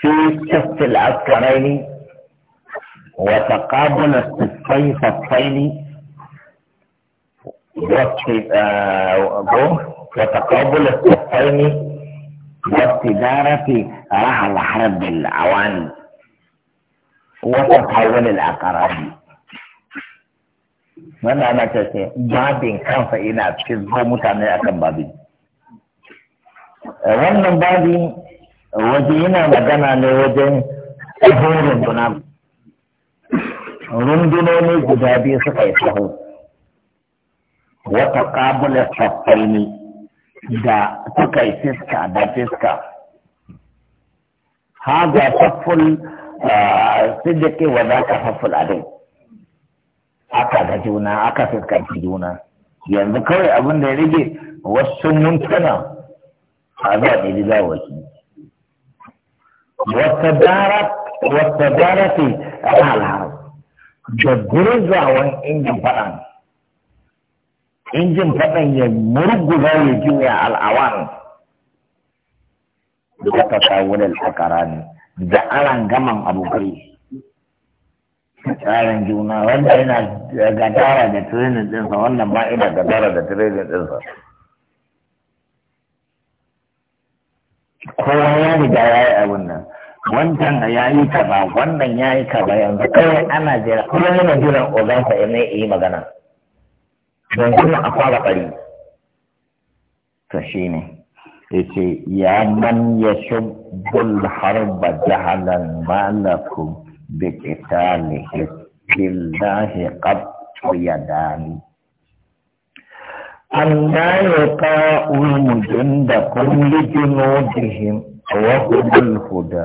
في شفت العسكرين وتقابل الصفين صفين وابتداء وتقابل الصفين واستدارة راح الحرب العوان وتقابل الأقرب من أنا تسي ما بين كان فإن أبشد هو متعمل أكبر بابي. وانا بابين waje yana magana ne wajen tsohon runduna rundunoni guda biyu suka yi taho, wata kabula saffai da suka yi fiska da fiska haga su da wa za ka safful adai aka ga juna aka fuskanci juna yanzu kawai abin da ya rage wasu mintuna a zuwa ɗaya gawaki Wata وتدارك وتدارك العالم da gurzawan injin faɗan injin faɗan ya murguza ya juya al'awan da wata tawulal ne da aran gaman abokai tsarin juna wanda yana uh, gadara da training ɗinsa wannan ma ina gadara da training ɗinsa kowa ya riga ya yi abin nan wancan ya yi kaza wannan ya yi kaza yanzu kawai ana jira kuma yana jiran ogansa ya mai yi magana don kuma a fara bari to shi ne ya ce ya man ya shubbul harba jahalan malakum bi qitalihi billahi qad yadani an la yuqa'u jundakun li وهو الهدى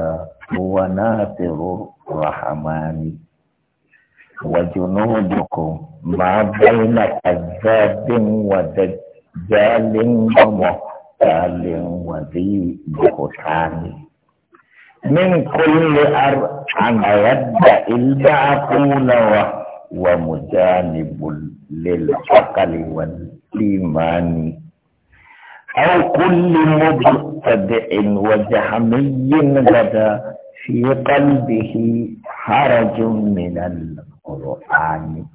ناصر الرحمن وجنودكم ما بين كذاب ودجال ومحتال وذي بهتان من كل أرض عن يبدأ المعقول ومجانب للعقل والإيمان أو كل مبتدع وجهمي غدا في قلبه حرج من القرآن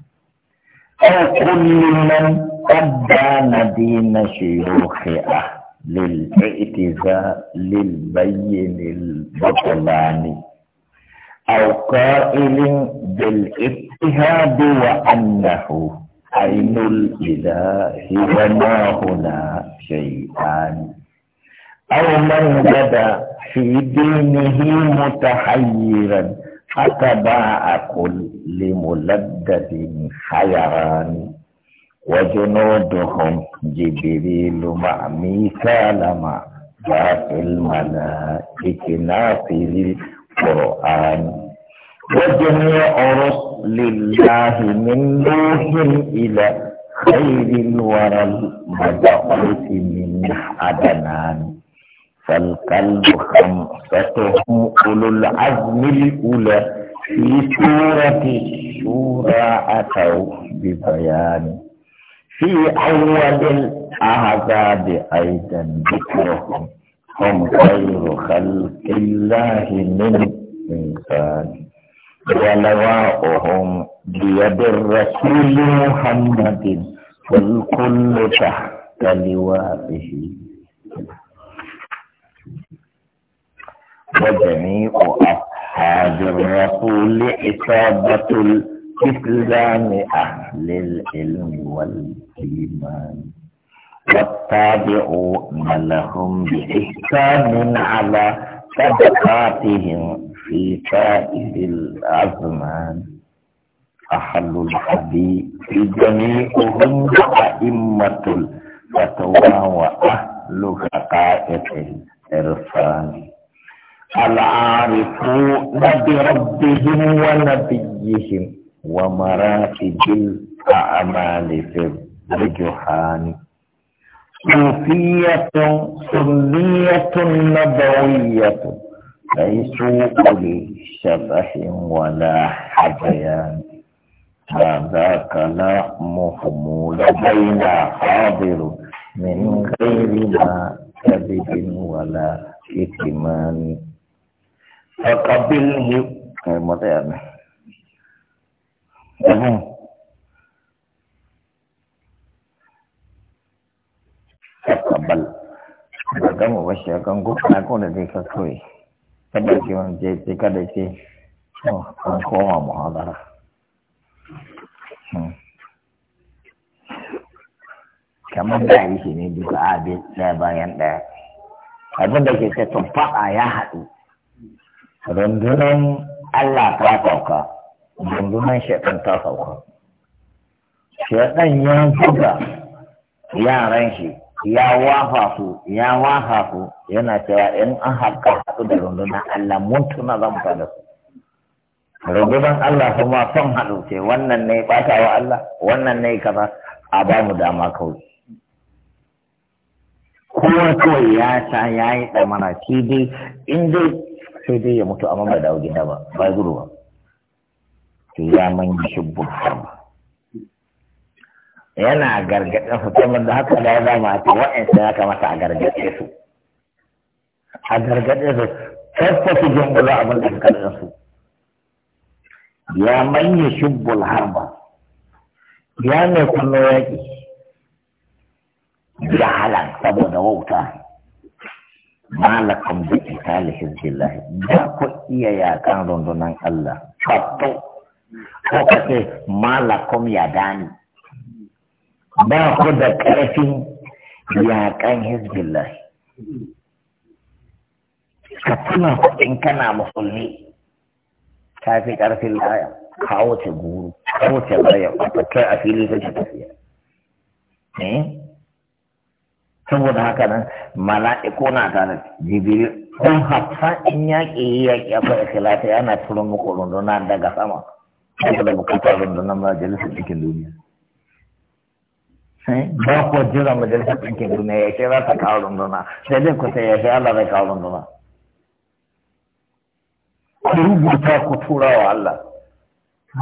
أو كل من أبان دين شيوخ أهل الاعتزاء للبين البطلان أو قائل بالاضطهاد وأنه عين الإله وما هنا شيئان أو من بدا في دينه متحيرا أتباع كل ملدد حيران وجنودهم جبريل مع ميكال مع ذات الملائكة ناصر القرآن وجميع رسل الله من نوح إلى خير الورى المبعوث من عدنان فالقلب خمستهم أولو العزم الأولى في سورة الشورى أتوا ببيان في أول الأعذاب أيضا ذكرهم هم خير خلق الله من إنسان ولواؤهم بيد الرسول محمد والكل تحت لوائه وجميع أصحاب الرسول إصابة الإسلام أهل العلم والإيمان والتابعون لهم بإحسان على صدقاتهم في سائر الأزمان أحل الحديث جميعهم أئمة الفتوى وأهل حقائق الإرسال العارفون بربهم ونبيهم ومراتب الأعمال في الرجحان صوفية سنية نبوية ليسوا أولي شبح ولا حجيان هذا كلامهم لدينا حاضر من غير ما كذب ولا إتمان فقبله المتعب فقبل Daga كان قلت ya kan gufa kada ce wani je kada ce an koma muhadara hmm. kamar da yi shi ne duka abin ɗaya bayan ɗaya abin da ke ce tun faɗa ya haɗu rundunan Allah ta sauka rundunan shaɗan ta sauka shaɗan ya buga yaran shi ya wafa ya wahafu yana cewa in an haƙa su da rundunar Allah mun tuna zan da su rundunar Allah kuma son haɗu ce wannan ne ɓata wa Allah wannan ne kaza a ba mu dama kawai kuma kawai ya sha ya yi ɗamana shi dai in dai sai dai ya mutu amma ba dawo gida ba ba gudu ba ya man yi shubbun ba yana gargaɗin su kuma da haka da ya zama a wa'ansu ya kamata a gargaɗe su a gargaɗe su kasta su jungulo abin da suka su ya manya shubbul harba ya mai kallo yaƙi jahalan saboda wauta malakum da kitali hizbillah da ku iya yakan rundunan Allah fatto ko kace malakum ya dani ba ku da ƙarfin yaƙan hezbollah ka tuna kuɗin kana musulmi ta fi ƙarfin laya kawo ta guru kawo ta laya ta kai a fili ta ce tafiya eh? saboda haka nan mala'iku na ta tare jibril don hatta in yaƙi yaƙi akwai ikhlata yana turo muku runduna daga sama saboda bukatar rundunar majalisar cikin duniya ba ku jira majalisar ɗinkin duniya ya ce za ta kawo runduna sai dai ku sai ya ce Allah zai kawo runduna ku rubuta ku tura wa Allah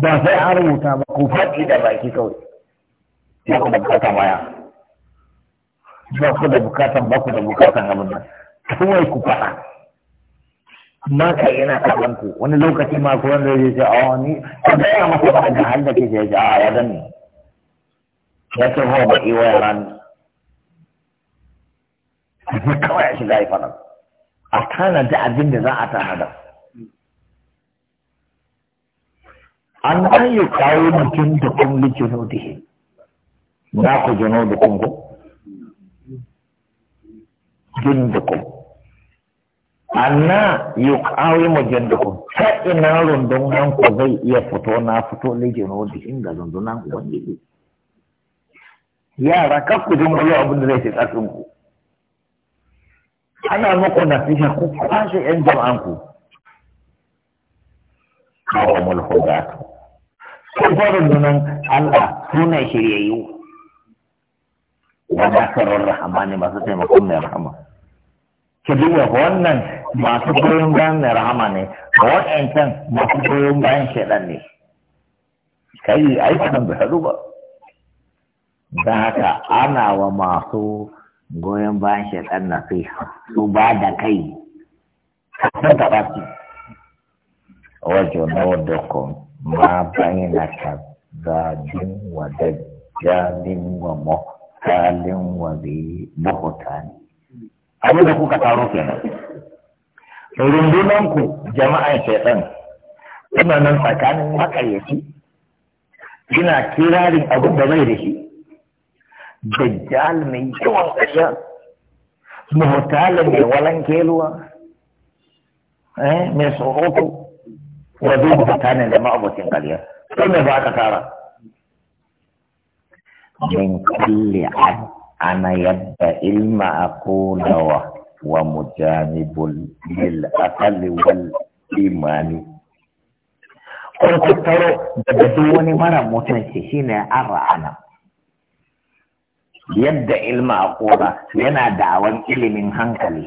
ba sai an rubuta ba ku faɗi da baki kawai ba ku da bukatan waya ba ku da bukatan ba ku da bukatan abin nan kawai ku faɗa amma ka yana kallon ku wani lokaci ma ku wanda zai ce a wani ka gaya masa ba da hallaka ke ce a ya zan ne ya taho baki waya ran kawai a shiga yi fara a tanada abin da za a tanada an an yi kawo mutum da kumli junodihi na ku junodi kungu jundukum anna yuqawimu jundukum ta ina rundunan ku zai iya fito na fito li junodihin ga rundunan ubangiji yara kar ku jin abin da zai ce ƙarfin ku ana muku nasiha ku kwashe yan jama'an ku kawo mulhudatu sun fara nunan Allah suna shiryayyu wa nasarar rahamani masu taimakon mai rahama ki duba wannan masu goyon bayan mai rahama ne waɗancan masu goyon bayan shaidan ne kai ai ba san da ba don haka ana wa masu goyon bayan na nasiha su ba da kai sun taɓa su wajen nawar da kun ma bayyana ka zaɗin wa dajjalin wa mokalin wa zai ne abu da kuka taro nan rundunanku jama'an shaɗan suna nan tsakanin makayyaci ina kirarin abin da zai da shi دجال من جوا الاشياء متعلم اولا كيلو ايه من سقوطه وزيد فتان لمعبوس قليا كم بعد ترى من كل عد انا يد إلما اقول ومجانب للاقل والايمان قلت ترى بدوني مرة متنسي شيني ارى انا yadda ilma a kora yana dawon ilimin hankali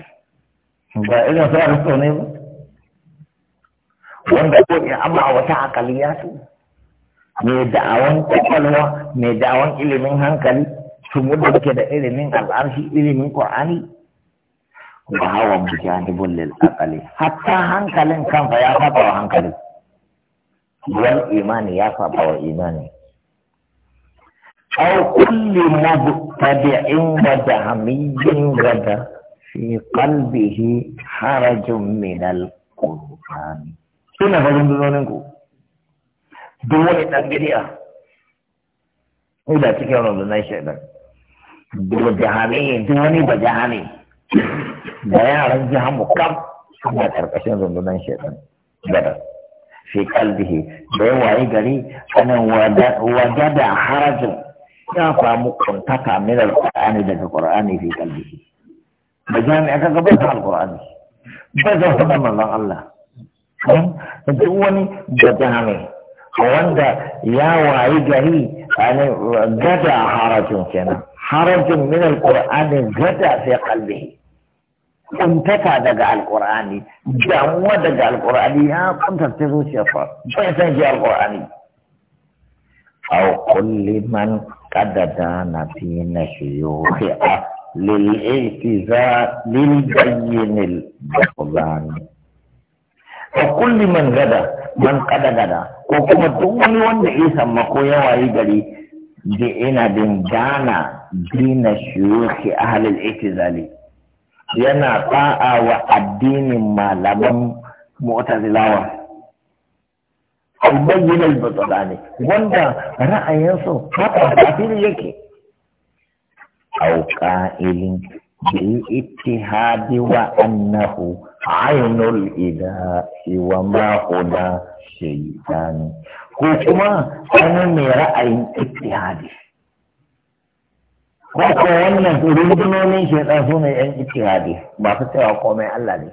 ba irin sai a ne ba wanda ko ya amma wata akali ya su me da'awan kwakwalwa me da'awan ilimin hankali su da ke da ilimin al'arshi ilimin ƙwa'ani ba hawa mujanibun lil akali hatta hankalin kanfa ya saba wa hankali wal imani ya saba wa imani أو كل مبتدع ودهمي غدا في قلبه حرج من القرآن سنة فلن دونكو دولة تنجريا إذا تكيرون لنا شيئا دولة جهاني دولة بجهاني da yaran jiha mu kam suna karkashin rundunan shaitan gada fi kalbihi da ya wayi gari anan wajada harajin ya samu kuntaka min alqur'ani daga qur'ani fi qalbihi gaba da ba manzon Allah hmm? duk wani da wanda ya wayi gari gada harajin kenan harajin min alqur'ani gada fi qalbihi kuntaka daga damuwa daga ya bai san kulli man قد دان فينا شيوخ للاعتزاء للبين البغضان وكل من غدا من قد غدا وكما دون وند عيسى مكو يواي غري دي انا بن دانا دين شيوخ اهل الاعتزال yana ta'a wa addinin malaman mu'tazilawa albayyin albatsala wanda ra'ayinsu haka kafiri yake au ƙa'ilin bi ittihadi wa annahu ainul ilahi wa ma huda shaytani ko kuma sanin mai ra'ayin ittihadi ko ko wannan rundunonin shaytan su ne yan ittihadi ba su cewa komai Allah ne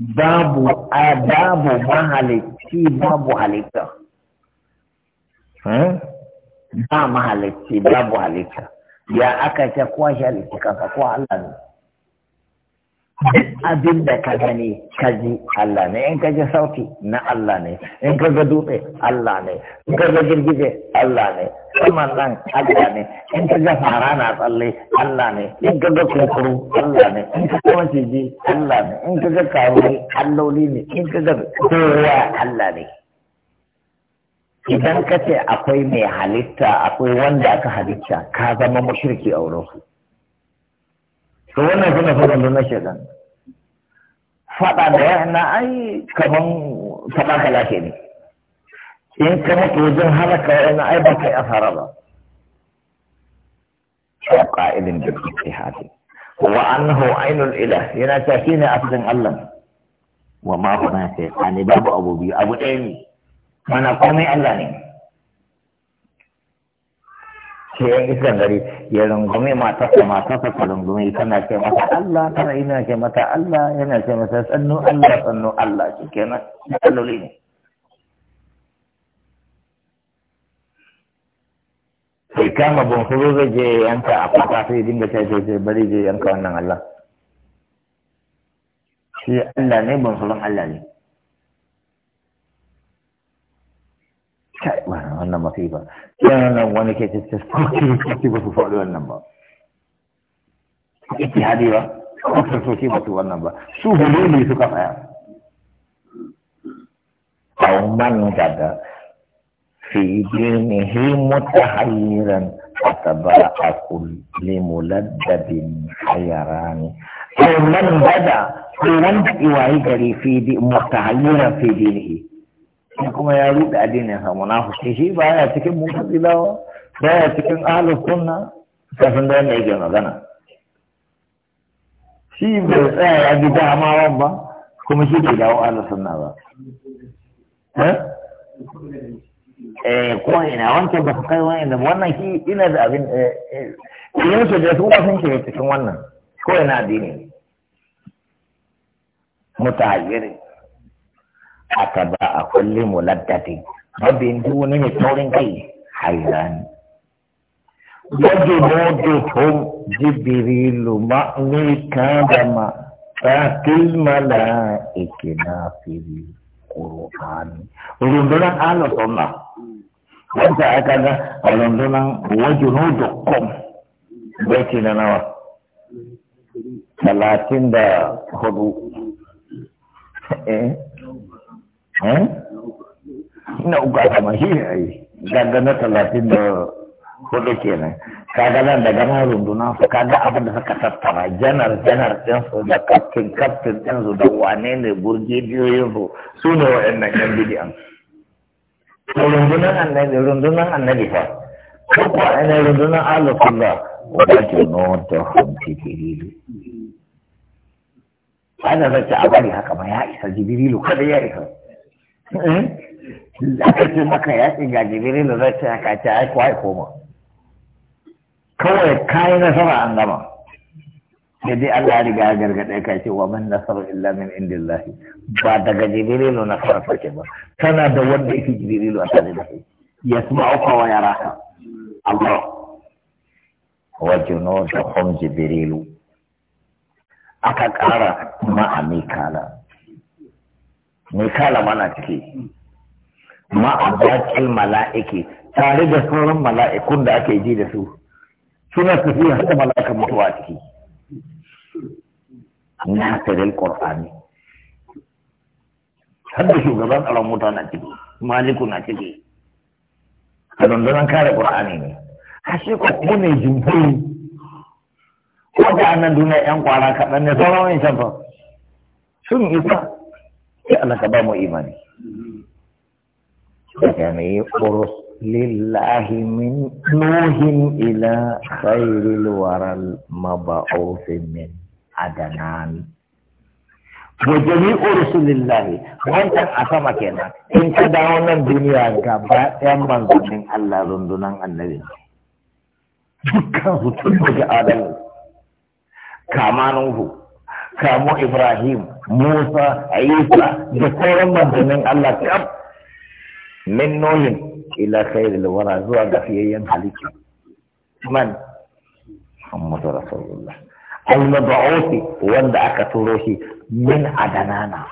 babu a babu mahalicci babu halitta eh? ba mahalicci babu halitta ya aka ce kuwa shi halitta kansa ko Allah ne duk abin da ka gani ka ji Allah ne in ka ji sauti na Allah ne in ka ga dutse Allah ne in ka ga girgije Allah ne saman nan Allah ne in ka ga fara na tsalle Allah ne in ka ga kunkuru Allah ne in ka ga maciji Allah ne in ka ga kawai alloli ne in ka ga kowa Allah ne idan ka ce akwai mai halitta akwai wanda aka halitta ka zama mashirki a wurin to wannan suna faɗin na shaidan faɗa da ya na ai kaman faɗa ka lafi ne in ka mutu wajen halaka ya na ai ba kai asara ba a ƙa'idin da ke hati wa hau ainul ila yana ne a cikin Allah wa ma huwa sai ba babu abu biyu abu ɗaya ne mana komai Allah ne sai yan iskan gari ya rungume matarsa matarsa ta rungume tana ce mata Allah tana ina ce mata Allah yana ce mata sannu Allah sannu Allah shi kenan alloli ne sai kama ban furo zai je yanka a kwata sai dinga ce ce bari je yanka wannan Allah shi Allah ne ban furon Allah ne أن ان ان ان ان ان ان ان مصيبة كان وانك تستمر مصيبة فعل النبأ اتحادية أكثر مصيبة والنبأ شو هو اللي يسقط يا أو من جد في دينه متحيرا فتبرع كل ملدد حيران أو من جد في وانت إيوائي في ان متحيرا في دينه shi kuma ya ruɗe addinin sa munafiki shi ya cikin ba ya cikin ahlus sunna kafin da yana yake magana shi bai tsaya ya dama damawan ba kuma shi bai dawo ahlus sunna ba eh? eh ko ina wancan ba su kai wani da wannan shi ina da abin eh yanzu eh, da su sun cewa cikin wannan ko ina addini mutahayyiri aka ba a kulli muladdadi babu indi wani mai taurin kai hailan yadda mordo to jibiri luma ni ka dama ta kilma la ike na firi kuruhani wanda aka ga a rundunan wajinu da kom beti na nawa da hudu eh? Eh? na uku aka ma shi ne a yi na talatin da hudu kenan kaga nan daga nan runduna su kaga abin da suka tattara janar janar ɗin su da kaftin kaftin ɗin su da wane ne burge biyoyin su su ne wa'annan yan bidiyan to rundunar annabi rundunar annabi fa ko ko ana rundunar alukulla wata ke nota hanci kirilu ana zance a bari haka ma ya isa jibrilu kada ya isa Eh? aka ce maka yaƙi ga da zai ce a ai kuwa koma kawai kayi nasara an gama sai Allah ya riga ya gargaɗe ka ce wa man nasaru illa min indillahi. ba daga jibirin nasara take ba tana da wanda yake jibirin a tare da kai yasma'u ka wa ka Allah wa junuduhum jibrilu aka ƙara ma'a na. mai kala mana ciki ma bakin mala'iki tare da sauran mala'ikun da ake ji da su suna tafiya da mala'ikan mutuwa ciki na tare qur'ani har da shugaban tsaron mota na ciki maliku na ciki a dandanon kare ƙorfani ne a ko ku ne jumhuri ko annan duniya yan kwara kaɗan ne sauran wani shan fa sun isa ya Allah ka ba mu imani daga mai urus lillahi min nuhin ila khairil waral mab'usin min adanan wa jami'u a sama kenan in ka dawo nan duniya gaba ɗayan manzannin Allah rundunan annabi dukkan su tun daga adamu kama nuhu kamo Ibrahim, Musa, Isa da sauran manzannin Allah kaf min nohin ila da wara zuwa ga fiyayyen halitta. Man Muhammad Rasulullah. Al-Mab'uthi wanda aka turo shi min adanana.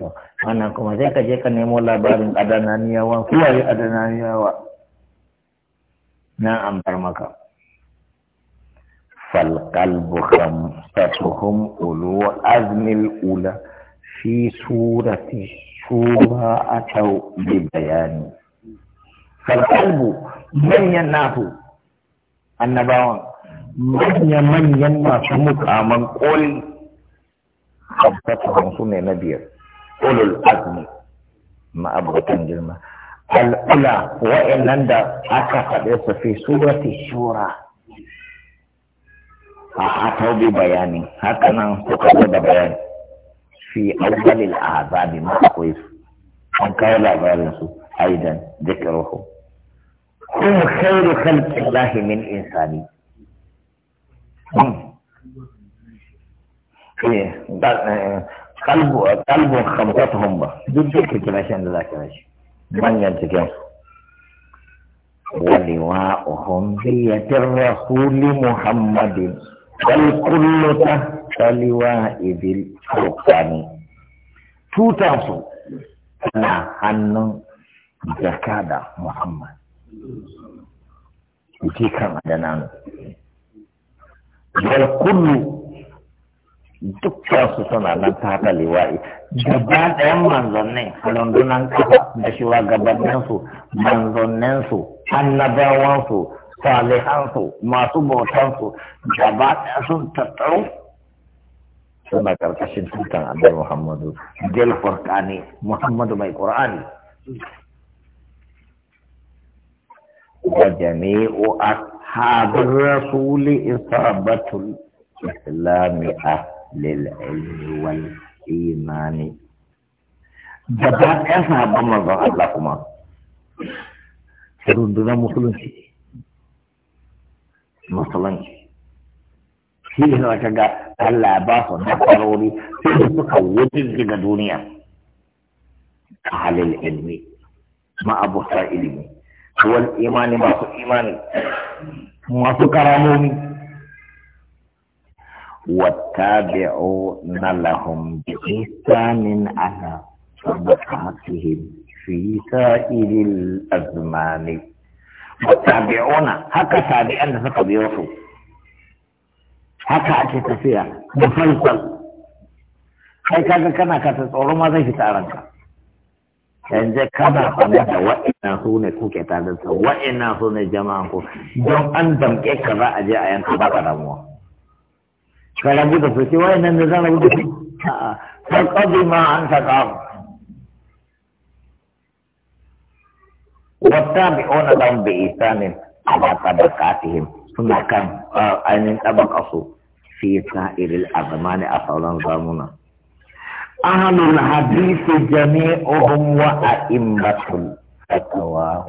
To, wannan kuma zai ka je ka nemo labarin adananiyawa, yi adananiyawa. Na an bar maka. فالقلب خمستهم أولو أذن الأولى في سورة الشورى أتوا ببيان فالقلب من يناه النبوة من يمن سمك امن قولي خمستهم سنة نبيا أولو الأذن ما أبغى جرما الأولى وإن أندى أكفت في سورة الشورى a atau bi bayani haka nan suka zo da bayani fi awwalil azabi ma akwai su an kawo labarin su aidan zikruhu hum khairu khalqillahi min insani eh kalbu kalbun khamsatuhum ba duk duk kira shi da zaka shi manyan cikin su ولواؤهم بيد الرسول محمد bal kullu ta liwa'idil furqani tuta su na hannun jakada muhammad yake kan adana bal kullu dukkan su suna nan ta haɗa liwa'i gaba ɗayan manzannin rundunan kafa da gabaninsu manzanninsu annabawansu صالحاتو ماتو موتاتو جابات اصول تطعو سبا کر کشن عبد محمد جل قرآنی محمد مای قرآنی وجميع أصحاب الرسول إصابة الإسلام أهل العلم والإيمان جابات أصحاب الله اللهم سرندنا مخلصين musulunci shi ne wata ga Allah ba su nasarori sai suka wuce daga duniya a halil ilmi ma'abuta ilimi wal imani masu imani masu karamomi واتبعون لهم بإحسان على صدقاتهم في سائر الأزمان tabi'una haka tabi'an da suka biyo su haka ake tafiya da falsal kai kaga kana ka ta tsoro ma zai fita ranka yanzu kana sanar da wa'ina su ne kuke tare da wa'ina su ne jama'an ku don an damke ka za a je a yanka ba ka damuwa ka rabu da su ce wa'ina ne zan rabu da su ta ma an ta kawo والتابعون لهم بإحسان على طبقاتهم ثم كان أن طبقه في سائر الأزمان أصلا زمنا أهل الحديث جميعهم وأئمة الفتوى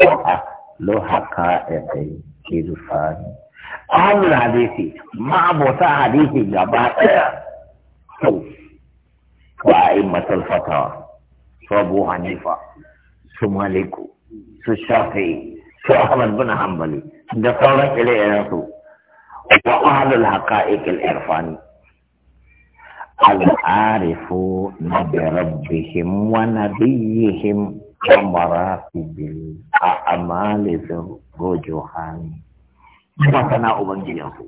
وأهل حقائق الإرفان أهل الحديث ما أبوتا حديث جبات وأئمة الفتوى وأبو حنيفة ثم لكم su shafi su ahmad bin hanbali da sauran ire-iren su wa ahlul haqa'iq al-irfani al-arifu bi rabbihim wa nabiyihim wa maratibil a'mali fi rujuhani masana ubangijinsu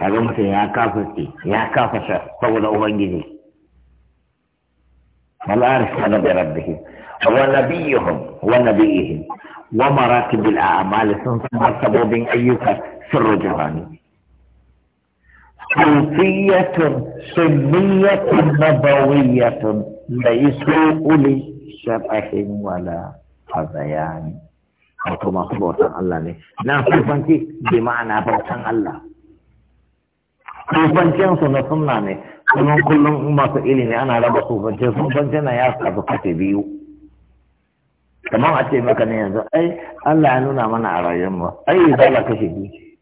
kaga mutum ya kafa ce ya kafa saboda ubangiji al'arif na da rabbihi ونبيهم ونبيهم ومراتب الاعمال ثم سبب ايها سر جهاني صوفية سنية نبوية ليسوا أولي شبه ولا حذيان أو مخلوطا الله لي نعم فانتي بمعنى بوطا الله فانتي أنسو نصمنا لي كلهم كلهم أمات إليني أنا لا بصوفا جزم فانتي أنا يا أصحاب قتبيو kamar a ce maka ne yanzu ai Allah ya nuna mana a rayuwar ai izala kashe biyu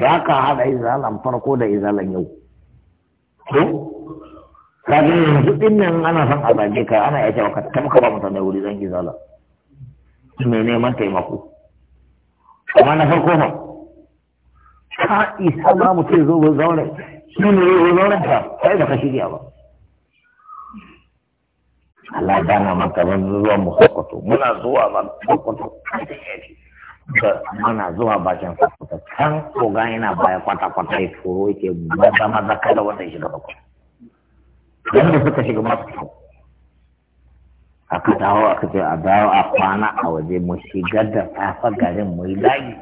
ba ka haɗa izalan farko da izalan yau ko kaga yanzu din nan ana son a zage ka ana ya cewa ka tabka ba mutane wuri zan izala mai neman taimako amma na farko ba ka isa ba mutum zo ba zaure shi ne ya zaure ka kai da ka shirya ba Allah dana maka ban zuwa mu sokoto muna zuwa ba sokoto muna zuwa bakin sokoto kan ko ga yana baya kwata kwata ya turo yake maza maza kada wanda ya shiga bakwai wanda suka shiga masu ka dawo aka ce a dawo a kwana a waje mu shiga da safa garin mu yi layi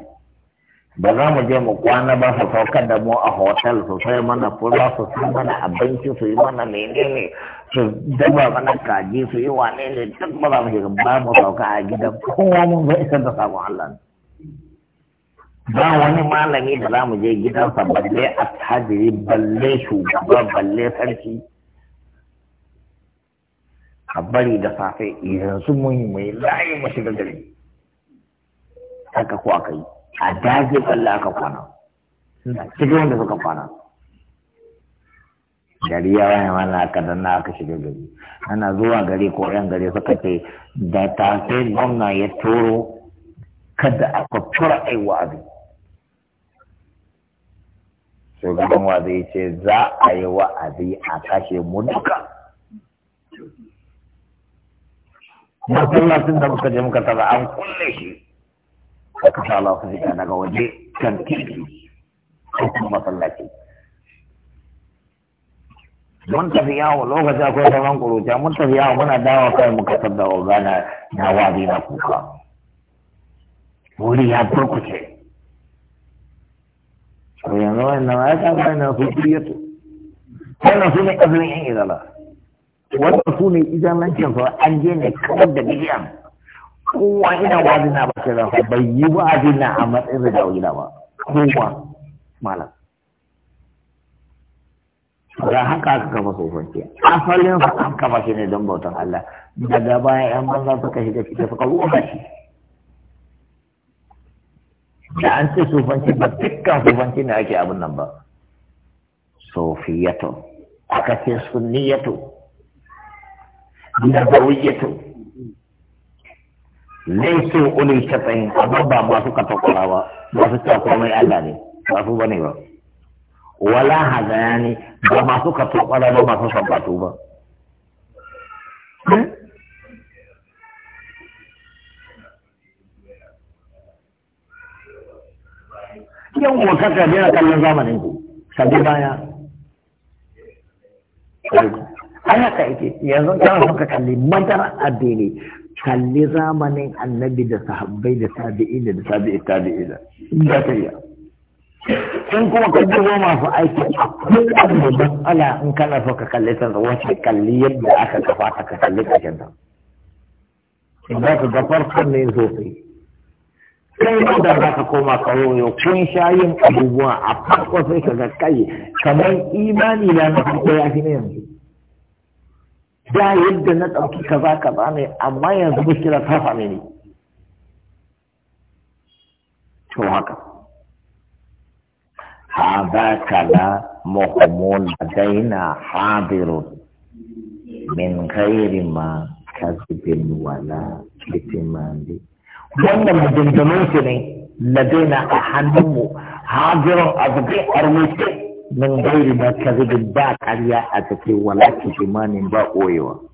ba za mu je mu kwana ba su saukar da mu a hotel su sai mana fura su sai mana abinci su yi mana menene to dabba mana kaji su yi wane ne duk ba za mu shiga ba mu sauka a gidan kowa mun zai isar da sabon Allah ba wani malami da za mu je gidansa balle attajiri balle shugaba balle sarki a bari da safe yanzu mun yi mai layi mu shiga gari haka ko aka yi a dajin Allah aka kwana cikin wanda suka kwana gari ya wani mana aka na aka shiga gari ana zuwa gari ko yan gari suka ce da ta sai gwamna ya turo kada a kwatura ai wa'azi shugaban wa'azi ya ce za a yi wa'azi a kashe mu duka masallacin da muka je muka tara an kulle shi aka sa lafiya daga waje kan titi masallaci mun tafi yawo lokaci akwai sauran kuruta mun tafi yawo muna dawa kai muka da ogana na wabi na kuka wuri ya burkuce to yanzu wannan ya ta bai na hujjiyatu wannan su ne azumin yan izala wannan su ne izalancin fa an je ne kawar da bidiyan kowa ina wabi na ba sai bai yi wazi na a matsayin da wajina ba kowa malam ga haka aka kafa tsofanci asalin an kafa shi ne don bautan Allah daga baya yan banza suka shiga ciki suka ruwa shi da an ce sufanci ba dukkan sufanci ne ake abin nan ba sofiyato aka ce sunniyato nazawiyato laifin ulil shafayin amma ba masu katakwara ba masu cewa komai Allah ne ba su bane ba wala hazayani ba masu katobala ba masu sabato ba eh? yan kuwa kaka daina kallon zamanin ku sabi baya an haka ike yanzu kana son ka kalli madara addini kalli zamanin annabi da sahabbai da tabi'ina da tabi'i tabi'ina da. za in kuma ka dubo masu aiki akwai abu da matsala in kana so ka kalli ta wace kalli yadda aka kafa ta ka kalli ta ta in za ka gafar kan ne sosai kai ma da za ka koma yau, kun sha yin abubuwa a farko sai ka ga kai kamar imani na na farko ya fi ne yanzu da yadda na ɗauki kaza kaza ne amma yanzu mushkila ta same ne, to haka هذا كلا مهمون لدينا حاضر من غير ما كذب ولا كتمان wannan maganganun su ne ladaina a hannunmu hajiran azubi a rubuce min gairi na kazibin ba karya a take wala kimanin ba koyewa.